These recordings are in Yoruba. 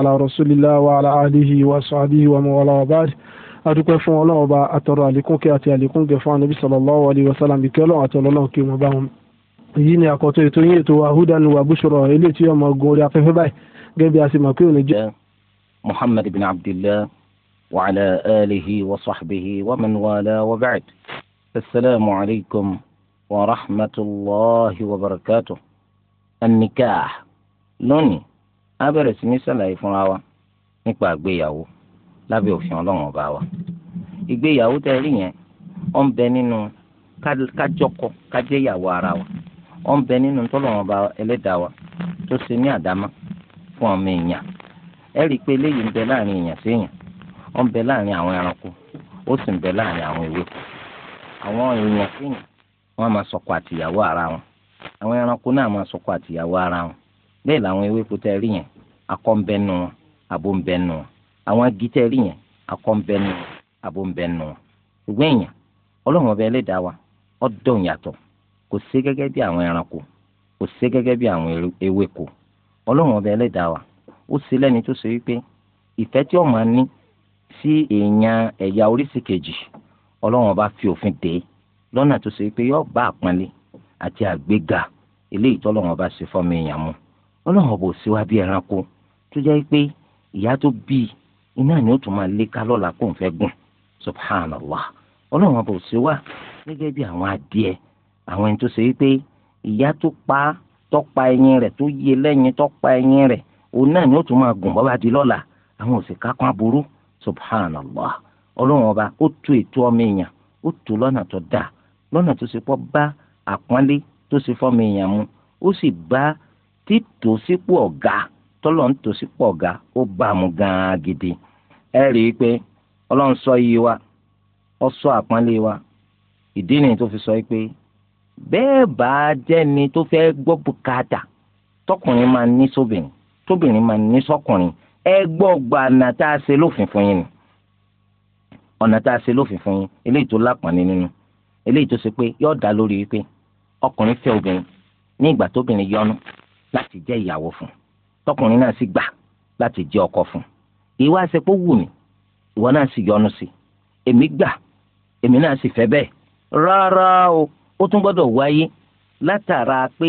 ala rasulillah wa ala alihi wa sahbihi wa mawala wa baad adúpẹ́ fún ọlọ́run ọba àtọ̀rọ̀ àlékún kẹ́ àti àlékún gẹ̀ fún anabi sallallahu alayhi wa sallam ìkẹ́ ọlọ́run àti ọlọ́run kí wọ́n bá wọn. èyí ni àkọ́tọ̀ ètò yín ètò ahudan wa bushra eléyìí tí ọmọ ogun orí afẹ́fẹ́ báyìí gẹ́gẹ́ bí a sì mọ̀ pé òní jẹ́. muhammad bin abdullah wa ala alihi wa sahbihi wa man wala wa ba'd asalaamu alaykum wa rahmatulahi wa barakatuh an-nikah lónìí á bẹ̀rẹ̀ sí ní sàlàyé fúnra wa nípa àgbéyàwó lábẹ́ òfin ọlọ́run ọba wa ìgbéyàwó tẹ rí yẹn ó bẹ nínú kájọkọ kájẹyàwó ara wa ó bẹ nínú tọ́lọ́run ọba ẹlẹ́dàá wa ní àdámá fún ọmọ èèyàn eléyìí ń bẹ láàrin èèyàn sí èèyàn àwọn ẹranko ó sì ń àwọn àwọn èèyàn sí èèyàn máa sọkọ àtìyàwó ara wọn àwọn akọ ń bẹ nù wọn abo ń bẹ nù wọn àwọn agitẹ́rì yẹn akọ ń bẹ nù wọn abo ń bẹ nù wọn ṣùgbọ́n èèyàn ọlọ́run ọba ẹlẹ́dàá wa ó dọ̀hún yàtọ̀ kò sí gẹ́gẹ́ bí àwọn ẹranko kò sí gẹ́gẹ́ bí àwọn ewéko ọlọ́run ọba ẹlẹ́dàá wa ó sì lẹ́ni tó ṣe wípé ìfẹ́ tí ó máa ní sí èèyàn ẹ̀yà oríṣi kejì ọlọ́run ọba fi òfin dè é lọ́nà tó ṣe wípé yóò bá àpọ́nlé àti àgbéga eléyìí tọ́lọ́run ọba ṣe fọ́mọ èèyàn mu ọlọ́run ọba ò sí wá bí tó jẹ́ pé ìyá tó bí iná ni ó tún máa lé ká lọ́la kó n fẹ́ gùn subhanallah ọlọ́run àbò sí wa gẹ́gẹ́ bí àwọn adìẹ àwọn ẹni tó ṣe wípé ìyá tó pa tọ́pa ẹyin rẹ̀ tó yé lẹ́yìn tọ́pa ẹyin rẹ̀ òun náà ni ó tún máa gùn bọ́ba di lọ́la àwọn ò sì kápá subhanallah ọlọ́run ọba ó tu ètò ọmọ èèyàn ó tu lọ́nà tó dáa lọ́nà tó ṣe pọ́ bá àpọ́nlé tó ṣe fọ́mọ èèyàn mu ó sì bá títò sípò ọ̀gá tọ́lọ̀ ń tòsí pọ̀ ga ó bá a mú gan-an gidi ẹ rí i pé ọlọ́run sọ iye wa ọ sọ àpọ́nlé wa ìdí nìyí tó fi sọ pé bẹ́ẹ̀ bá jẹ́ni tó fẹ́ gbọ́ bùkátà tọkùnrin máa ní sóbìnrin tóbìnrin máa ní sọkùnrin ẹ gbọ́ gba ọ̀nà tá a ṣe lófin fún yín ni ọ̀nà tá a ṣe lófin fún yín eléyìí tó lápọ̀nlé nínú eléyìí tó ṣe pé yóò dá lórí wípé ọkùnrin fẹ́ obìnrin ní ìgbà tóbìnrin yọnu láti jẹ́ ìyàwó fún un tọkùnrin náà sì gbà láti jẹ́ ọkọ fún ìwà àṣepọ̀ wù mí ìwọ náà sì yọnu sí èmi gbà èmi náà sì fẹ́ bẹ́ẹ̀ rárá o ó tún gbọ́dọ̀ wáyé látara pé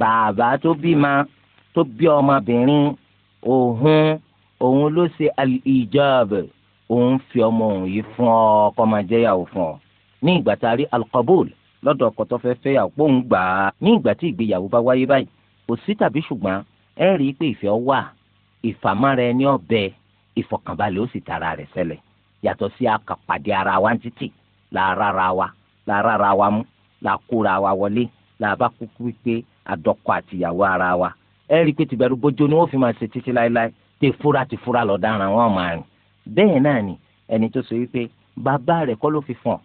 bàbá tó bímọ tó bí ọmọbìnrin òun òun ló ṣe ìjọba òun fi ọmọ òun yìí fún ọ kó fún ọ ní ìgbà tá a rí alkabul lọ́dọ̀ ọkọ tó fẹ́ fẹ́ yàwó pòun gbà á ní ìgbà tí ìgbéyàwó bá wáyé báyìí kò sí tàbí ṣùgbọ́n ẹ rí i pé ìfẹ́ wà ìfàmọ́ra ẹni ọ̀bẹ ìfọ̀kànbalẹ̀ ó sì tara rẹ̀ ṣẹlẹ̀ yàtọ̀ sí akàpàdé ara wa ń títì lára ara wa lára ara wa mú làkúra wa wọlé làbá kúkú pé àdọ́kọ àtìyàwó ara wa ẹ rí i pé tìbẹ̀rù bójú ni wọ́n fi máa ṣe títí láéláé tẹ fúra ti fúra lọ dáràn wọn máa rìn bẹ́ẹ̀ náà ni ẹni tó sọ wípé bàbá rẹ̀ kọ́ ló fi fọ̀n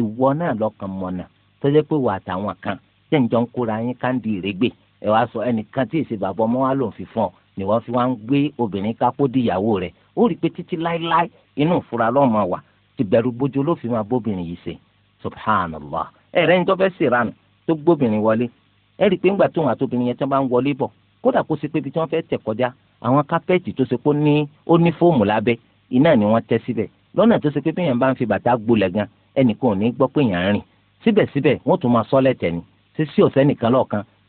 ìwọ náà lọ́kàn mọ̀nà tó jẹ́ pé wà àtàwọn kan tẹ̀ ń jọ ń kóra yín káńdì ìrégbè ẹ wàá sọ ẹnìkan tí ìṣe bàbá ọmọ wa ló fi fún ọ ni wọ́n fi wá ń gbé obìnrin kápó di ìyàwó rẹ̀ ó rí i pé títí láéláé inú ìfura lọ́mọ wà ti bẹ̀rù bójú ló fi máa bóbìnrin yìí ṣe subhanallah ẹ rẹ́ ń tọ́ fẹ́ ṣèrànù tó gbóbìnrin wọlé ẹ rí i pé ńgbà tóun àtòbìnrin yẹn tí wọ́n bá ń wọlé bọ̀ kódà kó ṣe pé ibi tí wọ́n fẹ́ tẹ̀ kọjá àwọn kápẹ́ẹ̀tì tó ṣe pé ó ní fóòmù lábẹ́ iná ni wọ́n tẹ́ síbẹ̀ lọ́nà tó ṣe pé péyàn bá ń fi bàtà gbolẹ̀ gan ẹnìkan ò ní gbọ́ péyàn rìn síbẹ̀síbẹ̀ wọ́n tún máa sọ́lẹ̀ tẹ̀ ni ṣé sí nìkan lọ́ọ̀kan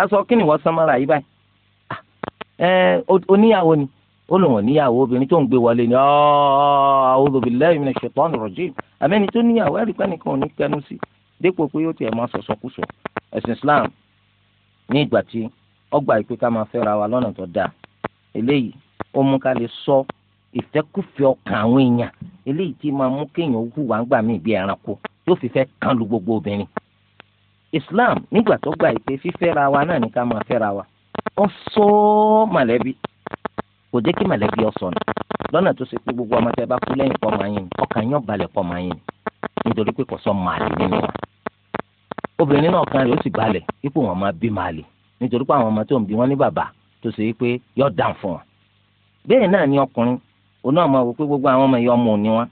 a sọ kí ni wọ́n sánmọ́ra yìí báyìí ah, ẹ oníyàwó ni ó lò wọ́n níyàwó obìnrin tó ń gbé wọlé ni a'udhu billahi minash shaitani rajim àmẹ́ni tó níyàwó ẹ̀rí pẹ́ nìkan ò ní kẹnu sí dépò pé ó tiẹ̀ máa sọ̀sọ̀ kù ẹ̀sìn Islam ní ìgbà tí ọgbà ìpè ká máa fẹ́ra wa lọ́nà tó dáa eléyìí ó mú ká lè sọ ìfẹ́kùfẹ́ ọkàn àwọn èèyàn eléyìí tí máa mú kéèyàn hùwà ń gbà bí ẹranko yóò fi fẹ́ kán lu gbogbo obìnrin islam nígbà tó gba ìpè fífẹ́ra wa náà ní ká máa fẹ́ra wa ó sọ mọ̀lẹ́bí kò jẹ́ kí mọ̀lẹ́bí ọ sọnù lọ́nà tó ṣe pé gbogbo ọmọ tẹ bá kú lẹ́yìn pọ̀ máa yín ni ọkàn yín ọ̀balẹ̀ pọ̀ máa yín ni nítorí pé kò sọ màálì nínú wa obìnrin náà kan rẹ̀ ó sì balẹ̀ ipò wọn máa bí màálì nítorí pé àwọn ọmọ tó ń bí wọn ní bàbá tó ṣe pé yọ dàn fún wọn bẹ́ẹ̀ náà ni ọkùnrin òun náà máa wò pé gbogbo àwọn ọmọ yìí ọmọ òní wọn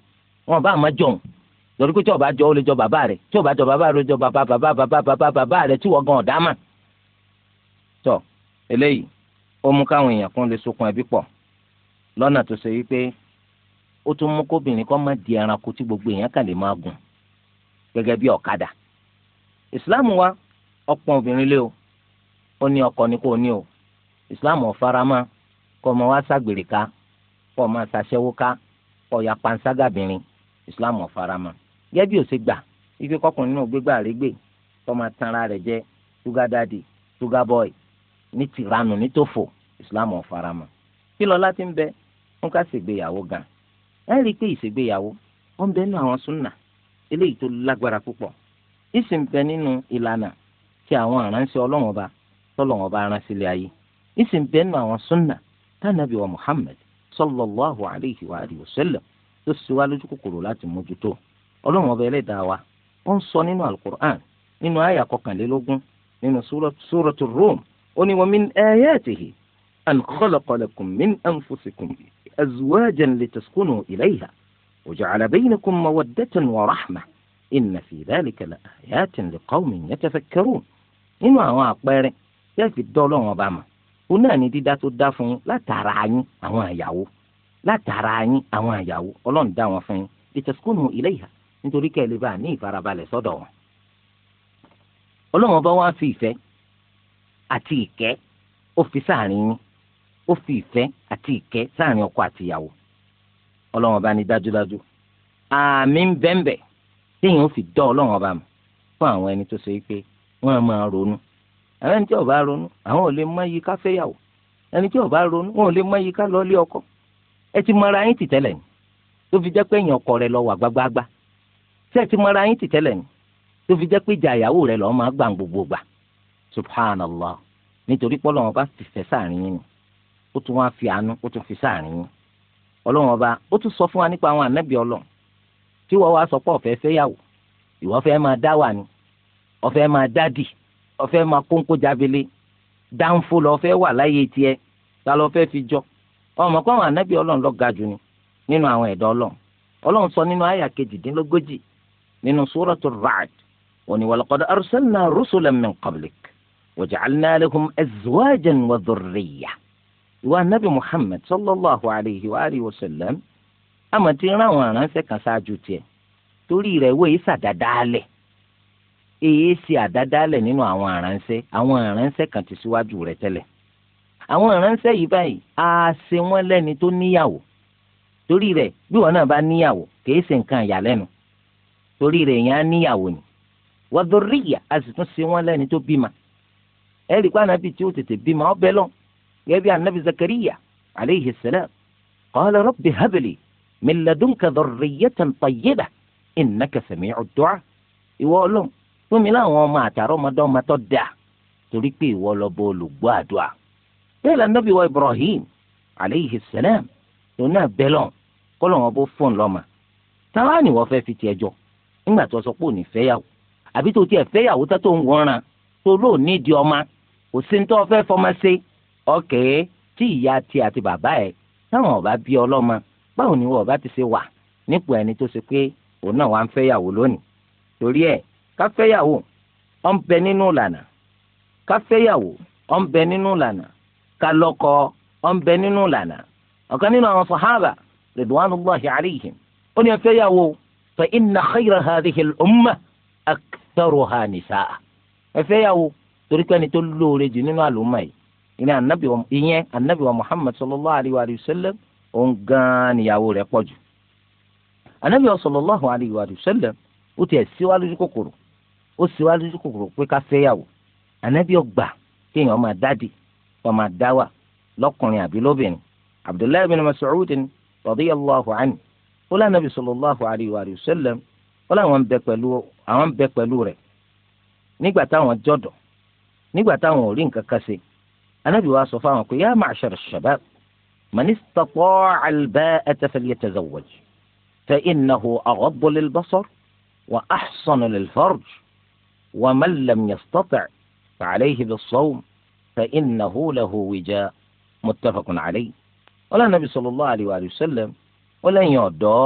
wọn bá máa jọ̀hún lórí pé tí ọba jọ ó lè jọ bàbá rẹ tí ọba jọ bàbá rẹ ó jọ bàbá bàbá bàbá bàbá bàbá rẹ tí wọ́n gan ọ̀dá mà. tọ eléyìí ó mú káwọn èèyàn kan lè sokun ẹbí pọ̀ lọ́nà tó ṣe wípé ó tún mú kóbìnrin kan má di ẹranko tí gbogbo èèyàn kàn lè máa gùn gẹ́gẹ́ bí ọ̀kadà. ìsìláàmù wa ọ̀pọ̀ obìnrin lé o ó ní ọkọ ní kò ní o ìsìláàmù ọ̀farama kọ́ ọmọ wa ságbèrè ká kọ́ ọmọ àṣàṣẹ́wó ká kọ́ ọ̀ya panṣágàbìnrin ìsìláàmù ọ̀farama gẹ́bí ò ṣe gbà ife kọkùnrin náà gbégbá rẹ̀ gbé tó máa tanra rẹ̀ jẹ́ ṣúgá dáàdì ṣúgá bọ́ì ní tìranù ní tòfò ìsìlámù ọ̀farama kí lọ́lá ti ń bẹ wọn ká ṣègbéyàwó gan ẹ rí i pé ìṣègbéyàwó ó ń bẹ nínú àwọn súnà eléyìí tó lágbára púpọ̀ ìsìn bẹ nínú ìlànà tí àwọn aránṣẹ́ Ọlọ́run ọba tọ́lọ́run ọba aránṣẹ́ ilé ayé ìsìn nínú àwọn súnà tánàbí wa Muhammad sallallahu alayhi wa alihi wa sallam tó ṣe wá lójú kòkòrò láti mójútó. ọlọ́run ọba ẹlẹ́dà wa ó ń sọ nínú alukur'an nínú àyà kọkànlélógún nínú súrọ̀tù rum ó ní wa min ayatihi an khalaqa lakum min anfusikum azwajan litaskunu ilayha wa ja'ala baynakum mawaddatan wa rahma inna fi dhalika la ayatin liqawmin yatafakkarun nínú àwọn àpẹẹrẹ yẹ́n fi dọ́ ọlọ́run mọ̀ òun náà ni àwọn àyàwó látara yín àwọn ọlọ́run dá wọn fún yín nítorí kẹ́ ẹ lè bá ní ìfarabalẹ̀ sọ́dọ̀ wọn. ọlọ́wọ́n bá wá fi ìfẹ́ àti ìkẹ́ ó fi sáàrin yín ó fi ìfẹ́ àti ìkẹ́ sáàrin ọkọ àtìyàwó ọlọ́wọ́n bá ní dájúdájú àmì ń bẹ́ńbẹ́ téèyàn ó fi dọ́ ọlọ́wọ́n bá mu fún àwọn ẹni tó ṣe pé wọ́n á máa ronú ẹni tí ò ronú àwọn ò lè mọ iye ká fẹ́yàwó ẹni tí ò ronú wọn ò lè mọ iye ká lọ lé ọkọ ẹ ti mọra yín tì tẹ́lẹ̀ ní tó fi jẹ́ pé èèyàn ọkọ rẹ lọ wà gbágbáágbá ṣé ẹ ti mọra yín ti tẹ́lẹ̀ ni tó fi jẹ́ pé ìjà ìyàwó rẹ lọ́ọ́ máa gbà gbogbo gbà subhanallah nítorí pé ọlọ́wọ́n bá ti fẹ́ sáàrin yín ni ó tún wáá fi àánú ó tún fi sáàrin yín ọlọ́wọ́n bá ó tún sọ fún wa nípa àwọn ànábì ọlọ́run tí wọ́n wá sọ pé ọ̀fẹ́ fẹ́yàwó ìwọ fẹ́ máa dá wà ni ọ̀fẹ́ máa dádì ọ̀fẹ́ máa kóńkó jábele dáńfó lọ fẹ́ wà láyé tiẹ̀ ta lọ fẹ́ fi jọ ọmọ àwọn ànábì ọlọ́run lọ jù ni nínú àwọn ẹ̀dọ́ ọlọ́run ọlọ́run sọ nínú àyà kejìdínlógójì nínú súrọ̀tù ra'd òní walaqad arsalna rusulan min qablik waja'alna lahum azwajan wa dhurriyya ìwà nabi muhammed sallallahu alayhi wa alihi wa sallam àmọ́ ti rán àwọn aránṣẹ́ kan ṣáájú tiẹ̀ torí rẹ̀ wọ́n yìí ṣàdádálẹ̀ èyí ṣe àdádálẹ̀ nínú àwọn aránṣẹ́ àwọn aránṣẹ́ kan ti síwájú rẹ̀ tẹ́lẹ̀ àwọn aránṣẹ́ yìí báyìí á ṣe wọ́n lẹ́ni tó níyàwó torí rẹ̀ bí wọn náà bá níyàwó kìí ṣe nǹkan ìyàlẹ́nu torí rẹ̀ yẹn á níyàwó ni wàdúrìyà a sì tún ṣe wọn lẹ́ni tó bímọ ẹ̀rí pa anabi tí ó tètè bímọ ọbẹ̀ lọ gẹ́gẹ́ bí anabi zakariya aleyhi salam qala rabbi habli min ladunka dhurriyatan tayyiba innaka sami'u du'a ìwọ ọlọ́run fún mi láwọn ọmọ àtàrà ọmọdé ọmọ tó dáa torí pé ìwọ lọ bọ olùgbọ́ àdúà bẹ́ẹ̀ la nabi wa ibrahim aleyhi salam lónà bẹ́lọ̀ kọ́lọ̀ wọn bó fóun lọ́mọ táwa ni wọ́n fẹ́ fi tiẹ̀ jọ nígbà tó sọ pé ò ní fẹ́yàwó àbí tó tiẹ̀ fẹ́yàwó tó tó ń wọ́nran tó lóò nídìí ọmọ kò sí ní tó fọmọ sí ọkẹ́ tí ìyá tiẹ̀ àti bàbá ẹ̀ táwọn ọba bí ọlọ́mọ báwo ni wọn ọba ti ṣe wà nípò ẹni tó ṣe pé òun náà wà ń fẹ́yàwó lónìí torí ẹ̀ ká fẹ́yàwó ó ń bẹ nínú ìlànà ká fẹ́yàwó ó ń bẹ nínú ìlànà ká lọ́kọ ó ń bẹ nínú ìlànà ọ̀kan nínú àwọn sàhábà ridwanullahi alayhim ó ní fa inna khayra hadhihi al-umma aktharuha nisaa ẹ fẹ́ yàwó torí pé ẹni tó lóore jù nínú àlùmọ́ yìí ìyẹn anabi wa ìyẹn anabi wa muhammad sallallahu alayhi wa sallam òun gan-an níyàwó rẹ̀ pọ̀ jù anabi wa sallallahu alayhi wa sallam ó tiẹ̀ síwájú kòkòrò ó síwájú kòkòrò pé ká fẹ́ yàwó anabi ọgbà kéèyàn máa dáàdi kó máa dáwà lọ́kùnrin àbí lóbìnrin abdullahi bin mas'ud radiyallahu anhu ó lá nàbì sallallahu alaihi wa sallam ó láwọn ń bẹ pẹ̀lú àwọn ń bẹ pẹ̀lú rẹ̀ nígbà táwọn jọ̀dọ̀ nígbà táwọn ò rí nǹkan kan ṣe anábì wa sọ fáwọn pé yá màá ash-shabab man istata'a al-ba'ata falyatazawwaj fa innahu aghaddu lil-basar wa ahsanu lil-farj wa man lam yastati' فعليه بالصوم فإنه له وجاء متفق عليه ولا النبي صلى الله عليه وآله ó lẹ́yìn ọ̀dọ́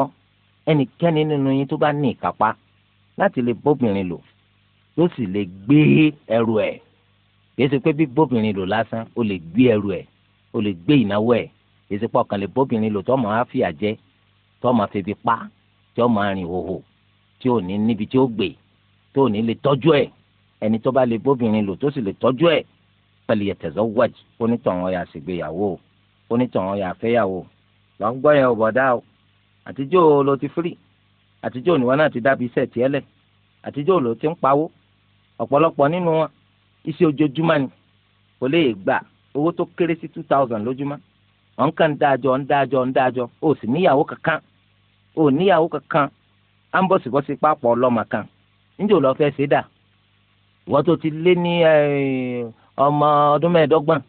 ẹnikẹ́ni nínú yín tó bá ní ìkápá láti lè bóbìnrin lò yóò sì lè gbé ẹrù ẹ̀ kìí ṣe pé bí bóbìnrin lò lásán ó lè gbé ẹrù ẹ̀ ó lè gbé ìnáwó ẹ̀ kìí ṣe pé ọ̀kan lè bóbìnrin lò tó máa fìyà jẹ tó máa febi pa tó máa rìn hòhò tí ò ní níbi tí ó gbé tó ò ní lè tọ́jú ẹ̀ ẹni tó bá lè bóbìnrin lò tó sì lè tọ́jú ẹ̀ pẹ̀lú ẹ̀tẹ̀zọ́ wájú ya ọ̀yà ṣègbéyàwó onítọ̀hún ọ̀yà fẹ́yàwó lọ ń gbọ́ yẹn ò bọ̀dá o àtijọ́ ló ti firi àtijọ́ òníwọ́n náà ti dabi iṣẹ́ tiẹ́ lẹ̀ àtijọ́ ló ti ń pawó ọ̀pọ̀lọpọ̀ nínú wọn iṣẹ́ ojoojúmọ́ ni kò lè gbà owó tó kéré sí two thousand lójúmọ́ ọ̀n kàn ń dájọ́ ń dájọ́ ń o sì níyàwó kankan o níyàwó kankan á ń bọ̀sibọ́sí pápọ̀ ọlọ́mọ kan níjẹ́ lọ fẹ́ ṣe dà wọ́n ti lé ọmọ ọdún mẹ́ẹ̀ẹ́dọ́gbọ̀n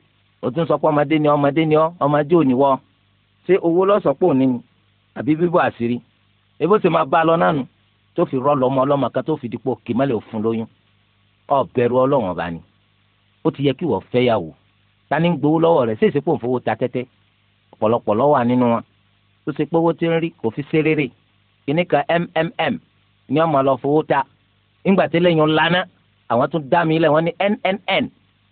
o tún sọ ọmọdé ni ọmọdé ni ọmọdé ṣé owó lọ́sọ̀pọ̀ ní ni àbí bíbọ̀ àṣírí ebó ṣe máa bá a lọ nánu tó fi rọ́ lọ́mọ ọlọ́mọ kan tó fi dípò kìmọ́lẹ̀ òfun lóyún ọ̀bẹ̀rù ọlọ́wọ̀n ọba ni ó ti yẹ kí wọ́n fẹ́yàwó ta ni ń gbowó lọ́wọ́ rẹ̀ ṣé ìsìnkú òǹfowó ta tẹ́tẹ́ ọ̀pọ̀lọpọ̀ lọ́wọ́ nínú wọn tó ṣe pé owó ti ń rí kò fi ṣe rere kìíní kan mmm ni ọmọ lọ fowó ta ńgbà tí lẹ́yìn lana àwọn tún dá mi lẹ̀ wọ́n ní nnn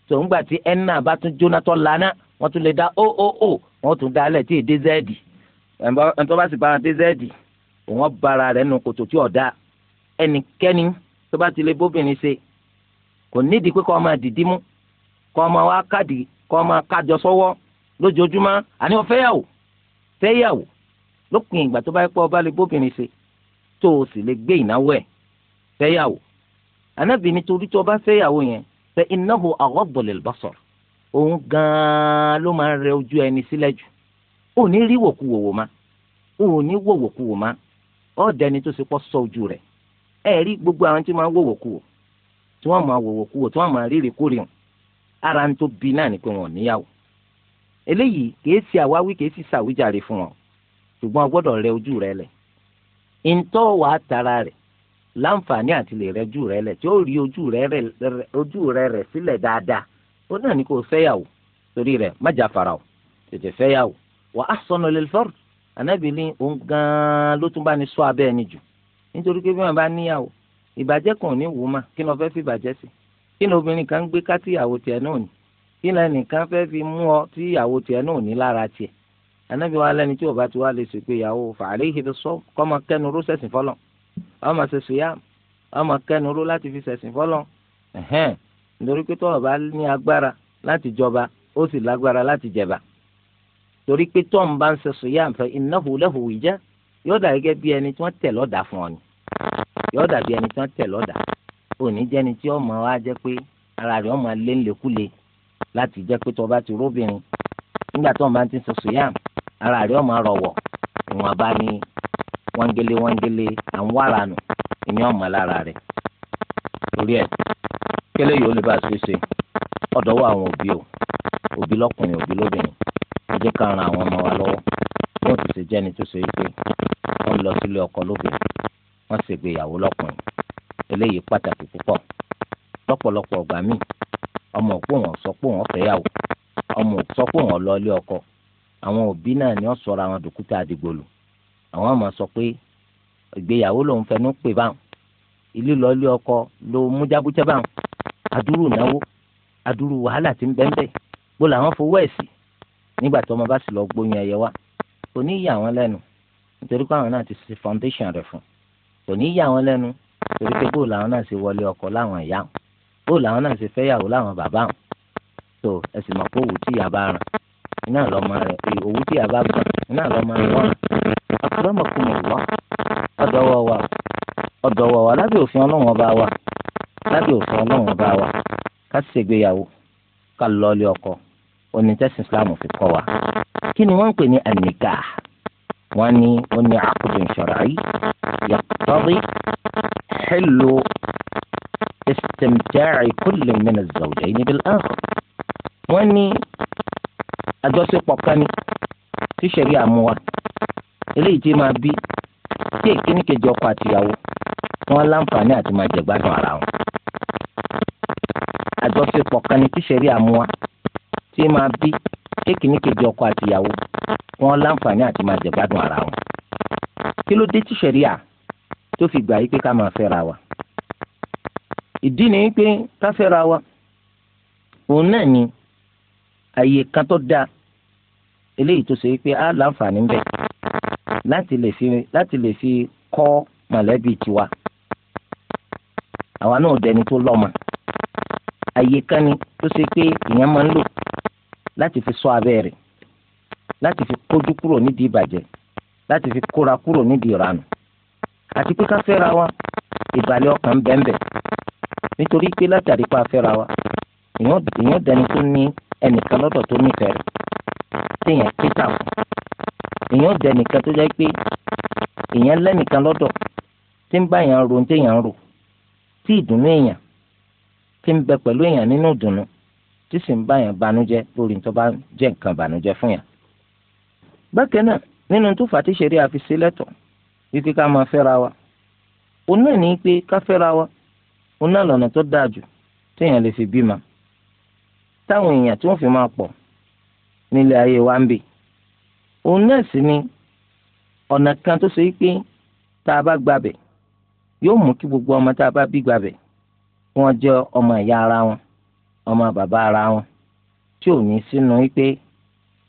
tó ńgbà tí n náà bá tún jóná tó lana wọ́n tún lè dá ooo wọ́n tún dálẹ̀ tí èdè zẹ́ẹ̀dì ẹ̀ńtọ́ bá sì bá wọn dé zẹ́ẹ̀dì wọ́n bara rẹ̀ nù kòtò tí ọ̀dà ẹnikẹ́ni tó bá ti lè bóbìnrin ṣe kò nídìí pé kọ́ máa dìdí mú kọ́ máa wá káàdì kọ́ máa kájọ sọ́wọ́ lójoojúmọ́ àní wọ́n fẹ́yàwó fẹ́yàwó lópin ìgbà tó bá pọ̀ bá lè bóbìnrin ṣe tó o sì lè gbé ìnáwó ẹ̀ fẹ́yàwó anábìíní torí bá fẹ́yàwó yẹn fẹ́ innahu aghaddu lil basar òun gan-an ló máa rẹ ojú ẹni sílẹ̀ jù ò ní rí wòkúwòwò ma ò ní wò wòkúwò ma ọ̀dẹni tó ṣe pọ̀ sọ ojú rẹ̀ ẹ rí gbogbo àwọn tí máa ri wòkúwò tí wọ́n máa wò tí wọ́n máa ara ń tó bi náà ni pé wọn níyàwó eléyìí kìí ṣe àwáwí kìí ṣe ṣàwíjàre fún wọn ṣùgbọ́n gbọ́dọ̀ rẹ ojú rẹ lẹ̀ wà tara rẹ̀ láǹfààní àti lè rẹ ojú rẹ lẹ̀ tí ó rí ojú rẹ rẹ̀ sílẹ̀ dáadáa ó náà ní kó o fẹ́yàwó torí rẹ̀ májà fara o tètè fẹ́yàwó wà á sọnù lè fọ́ọ̀rù òun gan-an ló tún bá ní sọ abẹ́ ẹni jù nítorí pé bí wọ́n bá níyàwó ìbàjẹ́ kan ò ní wò ó mà kí ni wọ́n fẹ́ fi ìbàjẹ́ sí kí ni obìnrin kan ń gbé ká tí ìyàwó tiẹ̀ náà ní kí ni ẹnìkan fẹ́ fi mú ọ tí ìyàwó tiẹ̀ náà ní lára tiẹ̀ ànábì wa lẹ́ni tí òbá ti wá lè sèpè ìyàwó fàálẹ́ ìhìrì sọ kọ́mọ kẹ́nu ró sẹ̀sìn fọ́lọ́ ọmọ sẹ̀sìn yá ọmọ kẹ́nu ró láti fi sẹ̀sìn fọ́lọ́ nítorí pé tó o bá ní agbára láti jọba ó sì lágbára láti jẹba torí pé tó bá ń sọ siyam fa innahu lahu wija yóò dà gẹ́gẹ́ bí ẹni tí wọ́n tẹ̀ lọ́dà fún ọ ni yóò dà bí ẹni tí wọ́n tẹ̀ lọ́dà òní jẹ́ni tí ọmọ wa jẹ́ pé ara rẹ̀ ọmọ alẹ́ ńlẹ́kúlẹ̀ láti jẹ́ pé tó bá ti róbìnrin nígbà tó bá ti sọ siyam ara rẹ̀ ọmọ rọ̀wọ̀ ìwọ̀n torí ẹ̀ kẹlẹ yìí ó lè bá a ṣe ṣe ọ̀dọ̀ wà àwọn òbí o òbí lọ́kùnrin òbí lóbìnrin ẹ jẹ́ ká ran àwọn ọmọ wa lọ́wọ́ wọn ti ṣe jẹni tó ṣe é pé wọn lọ sílé ọkọ lóbìnrin wọn sì gbé ìyàwó eléyìí pàtàkì púpọ̀ lọ́pọ̀lọpọ̀ ọgbà míì ọmọ òpó wọn sọ ọmọ òpó sọ ọkọ àwọn òbí náà ni wọn sọra àwọn dòkúta àdìgbòlù àwọn àmọ́ sọ pé ìgbéyàwó lòun fẹnu pè báwọn ìlú lọ ọkọ ló mú jábújá báwọn adúrú náwó adúrú wàhálà ti ń bẹ́ńbẹ́ bó làwọn fowó ẹ̀ sí nígbà tó ọmọ bá sì lọ gbóyún ẹyẹ wá kò ní yà wọ́n lẹ́nu nítorí pé àwọn náà ti ṣe foundation rẹ̀ fún kò ní yà wọ́n lẹ́nu torí pé bó làwọn náà ṣe wọlé ọkọ láwọn ìyá wọn bó làwọn náà ṣe fẹ́yàwó láwọn bàbá wọn tó ẹ sì mọ̀ pé òwú tí ìyá bá ràn iná lọ́mọ rẹ̀ òwú tí ìyá bá gbà iná lọ́mọ rẹ̀ wọ́n àkùrọ̀mọkùnrin wá ọ̀dọ̀wọ̀ wa ọ̀dọ̀wọ̀ wa lábẹ́ òfin ọlọ́run ọba wa lábẹ́ òfin ọlọ́run bá wa ká ṣègbéyàwó ká lọ́ọ́lé ọkọ onítẹ̀sìn islam fi kọ́ wa kí ni wọ́n ń pè ní àníkà wọ́n ní ó ní aqdun shar'i yaqtadi hillu istimta'i kulli min az-zawjayni bil-akhar wọ́n ní àjọṣepọ̀ kan ní tí sẹ̀rí àmúwa eléyìí tí máa bí tí èkíní kejì àtìyàwó wọn láǹfààní àti máa jẹ̀gbádùn ara wọn àjọṣepọ̀ kan ní tíṣẹ̀rí àmúwa tí máa bí kéèkìní kejì ọkọ àtìyàwó wọn láǹfààní àti máa jẹ̀gbádùn ara wọn. kí ló dé tíṣẹ̀rí à tó fi gbà yí pé ká máa fẹ́ra wa. ìdí ni pé ká fẹ́ra wa òun náà ni àyè kan tó dáa eléyìí tó ṣe pé á láǹfààní ń láti lè fi láti lè fi kọ́ mọ̀lẹ́bí tiwa àwa náà dẹni tó lọ́mọ àyè kan ni tó ṣe pé èèyàn máa ń lò láti fi ṣọ́ abẹ́ rẹ̀ láti fi kójú kúrò nídìí ìbàjẹ́ láti fi kóra kúrò nídìí ìranù àti pé ká fẹ́ra wa ìbàlẹ̀ ọkàn bẹ́ẹ̀nbẹ́ẹ̀ nítorí pé látàrí pa fẹ́ra wa èèyàn dẹni tó ní ẹnìkan lọ́dọ̀ tó nífẹ̀ẹ́ rẹ̀ téèyàn ké tà èèyàn dẹnìkan tó jẹ́ pé èèyàn lẹ́nìkan lọ́dọ̀ tí ń bá èèyàn ro téèyàn ń tí ìdùnnú èèyàn tí ń bẹ pẹ̀lú èèyàn nínú ìdùnnú tí sì ń bá èèyàn banújẹ́ lórí tó bá jẹ́ nǹkan banújẹ́ fún yàn. bákan náà nínú tó fà tí ṣeré àfisí lẹ́tọ̀ wípé ká máa fẹ́ra wa òun náà ní pé ká fẹ́ra wa òun náà lọ́nà tó dáa jù téèyàn lè fi bímọ táwọn èèyàn tí wọ́n fi máa pọ̀ nílé ayé wa ń bì òun náà sì ni ọ̀nà kan tó ṣe pé tá a bá gbàbẹ̀ yóò mú kí gbogbo ọmọ tá a bá bí gbàbẹ̀ wọn wọ́n ọmọ ìyá ara wọn ọmọ bàbá ara wọn tí ò ní sínú wípé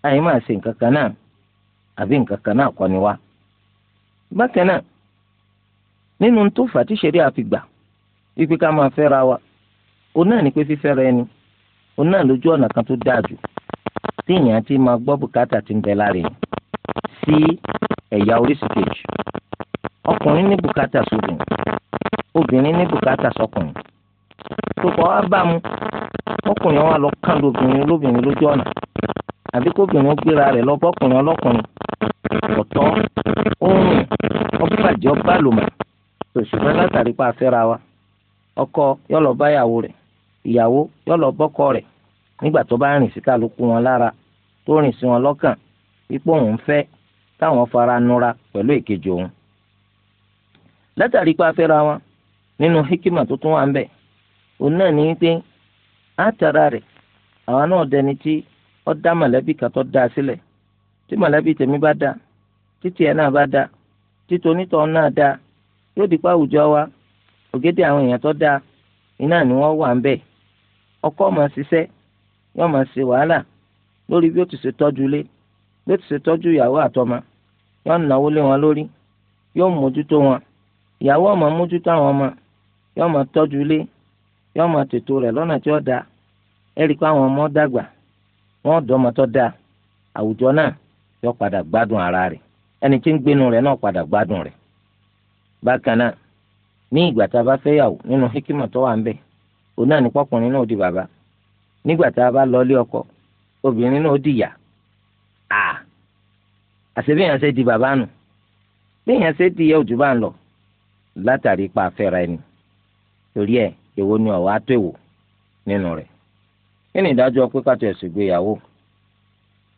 àyè máa ṣe nǹkan kan náà àbí nǹkan kan náà ni wá. bákan náà nínú tó fàtí ṣeré wípé ká máa fẹ́ra wa òun náà ni pé fífẹ́ra ẹni òun náà lójú ọ̀nà kan tó dáa jù tí tó kọ́ wá bá mu ọkùnrin wa lọ kàn lóbìnrin lóbìnrin lójú ọ̀nà àbí kóbìnrin gbéra rẹ̀ lọ bọ́kùnrin ọlọ́kùnrin ọ̀tọ̀ oorun ọbàjẹ́ ọba lòmà ṣùgbọ́n látàrí pa afẹ́ra wa ọkọ yọlọ bá ìyàwó rẹ̀ ìyàwó yọlọ bọ́kọ rẹ̀ nígbà tó bá rìn sí kálukú wọn lára tó rìn sí wọn lọ́kàn ipò òun fẹ́ táwọn fara nura pẹ̀lú èkejì òun látàrí pa afẹ́ra wa nínú hikima tó tún wà ń bẹ̀ẹ́ òun náà ní wípé átara rẹ̀ àwọn náà dẹni tí ó dá mọ̀lẹ́bí kan tó dá sílẹ̀ tí mọ̀lẹ́bí tèmi bá dá títí ẹ̀ náà bá dá títí onítọ̀ náà wa ògédé àwọn èèyàn tó dá iná ni wọ́n wà ń bẹ̀ ọkọ máa ṣiṣẹ́ yóò máa ṣe wàhálà lórí bí ó ti ṣe tọ́jú ilé bí ó ti ṣe tọ́jú ìyàwó àtọmọ yóò náwó lé wọn lórí yóò mójútó wọn ìyàwó ọmọ mójútó àwọn ọmọ yóò yọọ ma tètò rẹ lọ́nà tí ó da eriko pé àwọn ọmọ dàgbà wọn dọ́mọ tó da àwùjọ náà yọọ padà gbádùn ara rẹ ẹni tí ń gbénu rẹ̀ náà padà gbádùn rẹ̀. bákan náà ní ìgbà tá a bá fẹ́yàwó nínú hikima tó wà ń bẹ̀ òun náà ní pọ́kùnrin náà di a bá di ìyá à àṣebíyàn di bàbá nù bíyàn ṣe di ìyá òjò bá èwo ni ọ̀wá tó èwò nínú rẹ̀ kí ni ìdájọ́ pé ká tiẹ̀ ṣègbéyàwó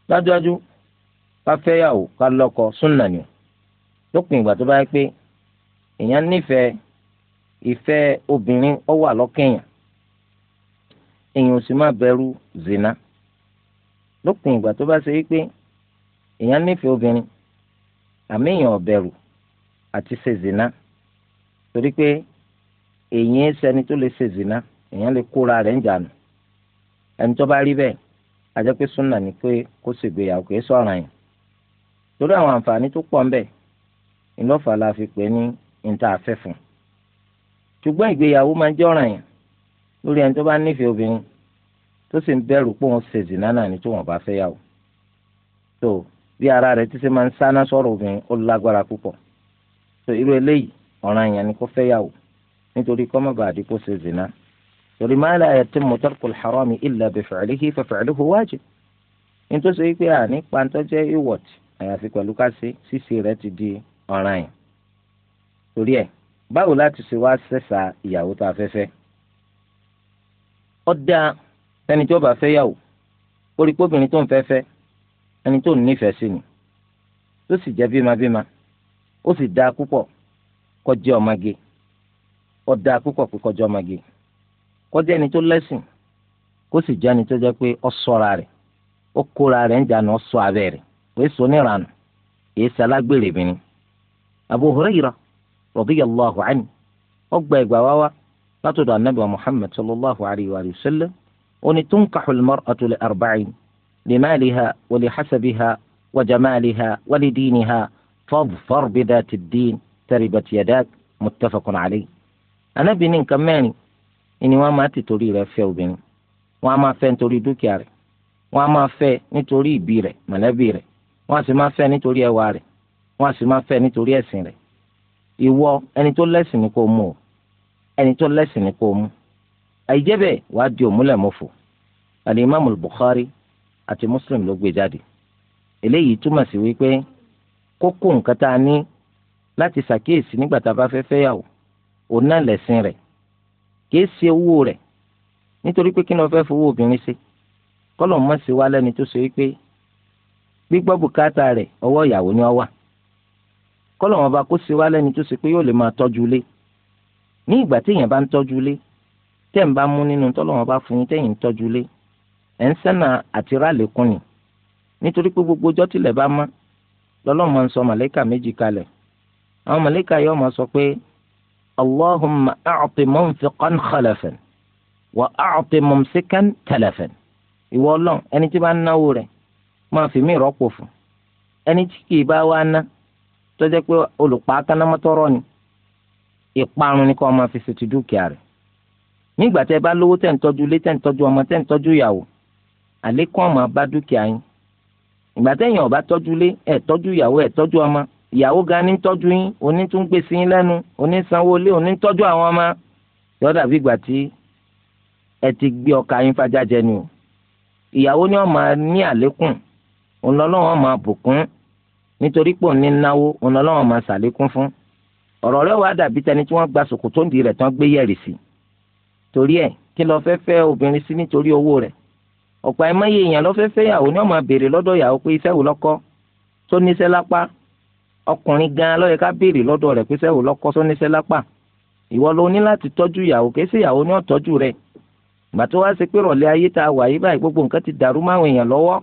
dájúdájú ká fẹ́yàwó ká lọ́kọ súnà ni lópin ìgbà tó bá yẹ pé èèyàn nífẹ̀ẹ́ ìfẹ́ obìnrin ó wà lọ́kẹ̀yàn èèyàn zina lópin ìgbà tó bá ṣe wípé èèyàn nífẹ̀ẹ́ obìnrin àmì èèyàn àti ṣe zina torí pé èyàn ẹsẹni tó lè ṣe zina èyàn lè kóra rẹ̀ ń jànù ẹni tó bá rí bẹ́ẹ̀ ajẹ́ pé súnà ni pé kó ṣègbéyàwó kìí sọ̀ràn yìí torí àwọn àǹfààní tó pọ̀ ń bẹ ìlọ́fà la fi pè ní níta àfẹ́fùn ṣùgbọ́n ìgbéyàwó máa ń jọ̀ràn yìí lórí ẹni tó bá nífẹ̀ẹ́ obìnrin tó sì ń bẹ̀rù pé òun ṣe zina náà ni tó wọn bá fẹ́ yàwó tó bí ara rẹ̀ ti ṣe máa ń sáná sọ̀rọ̀ obìnrin ó lágbára púpọ̀ tó irú eléyìí ọ̀ràn yẹn ni kó fẹ́ yàwó nítorí kọ́ mọ́ba àdìpọ̀ ṣe zina torí ma la yatimmu tarkul harami illa bi fi'lihi fa fi'luhu wajib nítorí wípé àní pàǹtọ́jẹ́ ìwọ̀t àyàfi pẹ̀lú kásí ṣíṣe rẹ̀ ti di ọ̀ràn yìí torí ẹ̀ báwo láti ṣe wá ṣẹ̀ṣà ìyàwó tá a fẹ́ fẹ́ ọ́ dáa ẹni tó bá fẹ́ yàwó orí póbìnrin tó ń fẹ́ ẹni tó nífẹ̀ẹ́ sí ni tó sì jẹ́ bímabíma ó sì dáa púpọ̀ kó ọmọge ọ̀dà púpọ̀ pé kọjọ́ magi kọjá ẹni tó lẹ́sìn kó sì jẹ́ ẹni tó jẹ́ pé ọ sọ́ra rẹ̀ ó kóra rẹ̀ ń jànà ọ sọ abẹ́ rẹ̀ pé sọ ní níranù èyí alágbèrè mi ni. àbò yìí rà Abu Hurayra radiyallahu anhu ọgbà ẹgbà wá wá látọ̀dọ̀ anabi wa muhammed sallallahu alayhi wa sallam oni tunkahu al-mar'atu li arba'in limaliha wa li hasabiha wa jamaliha wa li diniha fadfar bidhati ad-din taribat yadak muttafaqun alayhi. ànábì ní nǹkan mẹ́rin ni wọ́n máa ti torí rẹ̀ fẹ́ obìnrin wọ́n á máa fẹ́ nítorí dúkìá rẹ̀ wọ́n á máa fẹ́ nítorí ìbí rẹ̀ mọ̀lẹ́bí rẹ̀ wọ́n á sì máa fẹ́ nítorí ẹwà rẹ̀ wọ́n á sì máa fẹ́ nítorí ẹ̀sìn rẹ̀ ìwọ ẹni tó lẹ́sìn ni kò mú o ẹni tó lẹ́sìn ni kò mú àìjẹ́ bẹ́ẹ̀ wàá di òmúlẹ̀mọ́fò alimami Bukhari àti Muslim ló gbé jáde eléyìí túmọ̀ sí wípé kókó nǹkan tá a ní láti ṣàkíyèsí nígbà tá a bá fẹ́ fẹ́yàwó òun náà lẹ̀sìn rẹ̀ kìí ṣe owó rẹ̀ nítorí pé kí ni wọ́n fẹ́ fowó obìnrin ṣe kọ́lọ̀ mọ́ sí wa lẹ́ni tó ṣe wípé gbígbọ́ bùkátà rẹ̀ ọwọ́ ìyàwó ni ó wà kọ́lọ̀ wọn bá kó sí wa lẹ́ni tó ṣe pé yóò lè máa tọ́jú ilé ní ìgbà téèyàn bá ń tọ́jú ilé tẹ́ ń bá mú nínú tọ́lọ̀ wọn bá fún yín téèyàn ń tọ́jú ilé ẹ̀ ń sẹ́nà àti rálẹ̀kùn ni nítorí pé gbogbo ọjọ́ tilẹ̀ bá mọ́ lọ́lọ́mọ ń sọ màlẹ́kà méjì kalẹ̀ àwọn màlẹ́kà yóò máa sọ pé اللهم أعط منفقا خلفا وأعط ممسكا تلفا ìwọ Ọlọ́run ẹni tí bá ń náwó rẹ̀ máa fi mí rọ́pò fún ẹni tí kì í bá wá ná tó jẹ́ pé olùpàá kánámọ́tọ́rọ́ ni ìparun ni kò máa fi ṣètò dúkìá rẹ̀ nígbà tẹ́ bá lówó tẹ́ ń tọ́jú ilé tẹ́ ń tọ́jú ọmọ tẹ́ ń tọ́jú ìyàwó àlékún ọmọ bá dúkìá yín ìgbà tẹ́yìn ò bá tọ́jú ilé ẹ̀ tọ́jú ìyàwó ẹ̀ tọ́jú ọmọ ìyàwó gan ní tọ́jú yín onítúngbèsè yín lẹ́nu onísanwó ilé onítọ́jú àwọn ọmọ yọ dàbí ìgbà tí ẹ ti gbé ọkà yín fàjà jẹ ni o ìyàwó ni wọn máa ní àlékún ònlọ́lọ́wọ́n máa bùkún nítorí pò ní náwó ònlọ́lọ́wọ́n máa ṣàlékún fún ọ̀rọ̀ rẹ̀ wàá dàbí tẹni tí wọ́n gba sòkòtò ń di rẹ̀ tán gbé yẹ̀rì sí torí ẹ̀ kí lọ fẹ́ fẹ́ obìnrin sí nítorí owó rẹ̀ ọ̀pọ̀ àìmọye èèyàn lọ fẹ́ fẹ́ yàwó ni wọ́n máa béèrè lọ́dọ̀ yàwó pé iṣẹ́ wò lọ́kọ́ tó níṣẹ́ lápá ọkùnrin gan ló yẹ ká béèrè lọ́dọ̀ rẹ̀ pé sẹ́wò lọ́kọ́ sọ́níṣẹ́ lápá ìwọ ló ní láti tọ́jú ìyàwó kìí ṣe ìyàwó ní ọ̀tọ́jú rẹ̀ ìgbà tó wá ṣe pé rọ̀lẹ́ ayé tá a wà yí báyìí gbogbo nǹkan ti dàrú máwọn èèyàn lọ́wọ́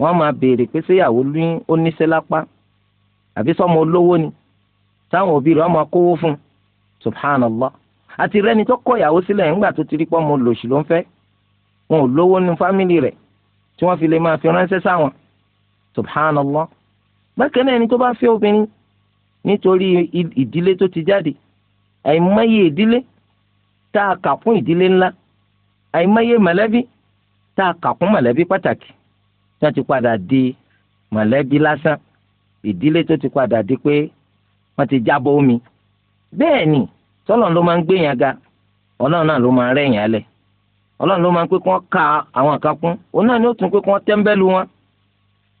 wọ́n máa béèrè pé ṣé ní ó níṣẹ́ lápá àbí sọ́mọ olówó ni táwọn òbí rẹ̀ ọmọ kówó fún subhanallah àti rẹ́ni tó kọ ìyàwó mo lòṣì ló ń fẹ́ wọn ò lówó nu fámìlì rẹ̀ bákan náà ẹni tó bá fẹ́ obìnrin nítorí ìdílé tó ti jáde àìmọye ìdílé tá a kà fún ìdílé ńlá àìmọye mọ̀lẹ́bí tá a kà fún mọ̀lẹ́bí pàtàkì tó ti padà di mọ̀lẹ́bí lásán ìdílé tó ti padà di pé wọ́n omi ga ọlọ́run náà ló máa lẹ̀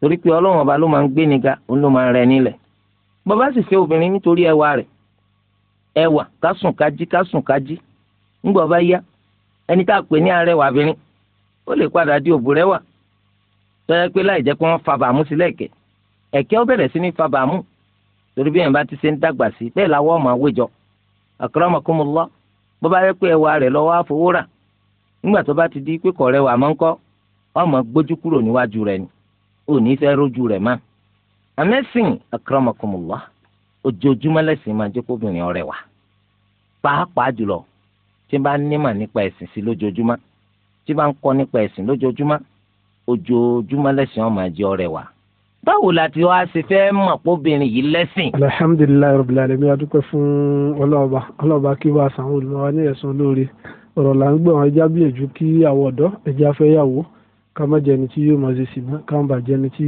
torí pé ọlọ́run ọba ló máa ń gbé ni ga òun ló máa ń rẹ nílẹ̀ bàbá sì fẹ́ obìnrin nítorí ẹwà rẹ̀ ẹwà kásùn kájí kásùn kájí ńgbà ọba yá ẹni tá a pè ní arẹwà obìnrin ó lè padà di òbúrẹ́wà tọ́jà pé láì jẹ́ pé wọ́n fa bàmú sílẹ̀ kẹ̀ ẹ̀kẹ́ ó bẹ̀rẹ̀ sí ní fa bàmú torí bí ẹ̀ǹbá ti ṣe ń dàgbà sí bẹ́ẹ̀ ọmọ àwùjọ yẹ pé ẹwà rẹ̀ lọ́wọ́ àfọwọ́rà nígbà tó bá ti di pé kọ̀ọ̀rẹ́ máa ń kọ́ ọmọ gbójú kúrò níwájú rẹ̀ ni ò ní fẹ́ rójú rẹ̀ má amẹ́sìn akramakumullah ojoojúmọ́ lẹ́sìn máa jẹ́ kóbìnrin ọ̀rẹ́ wa pàápàá jùlọ tí bá nímọ̀ nípa ẹ̀sìn sí lójoojúmọ́ tí bá ń kọ́ nípa ẹ̀sìn lójoojúmọ́ ojoojúmọ́ lẹ́sìn ó máa jẹ́ ọ̀rẹ́ wa báwo la ti wá ṣe fẹ́ mọ̀ kóbìnrin yìí lẹ́sìn. alhamdulilayi rabbil alamin adúpẹ́ fún ọlọ́ọ̀ba ọlọ́ọ̀ba kí wàá sàn olùmọ̀wá ní ẹ̀sùn olóore ọ̀rọ̀ là ń gbọ́ àwọn ẹja gbìyànjú kí àwọ̀ ọ̀dọ́ ẹja fẹ́ yàwó Kama má jẹ́ ẹni tí yóò máa ṣe sìná ká má bàa jẹ́ tí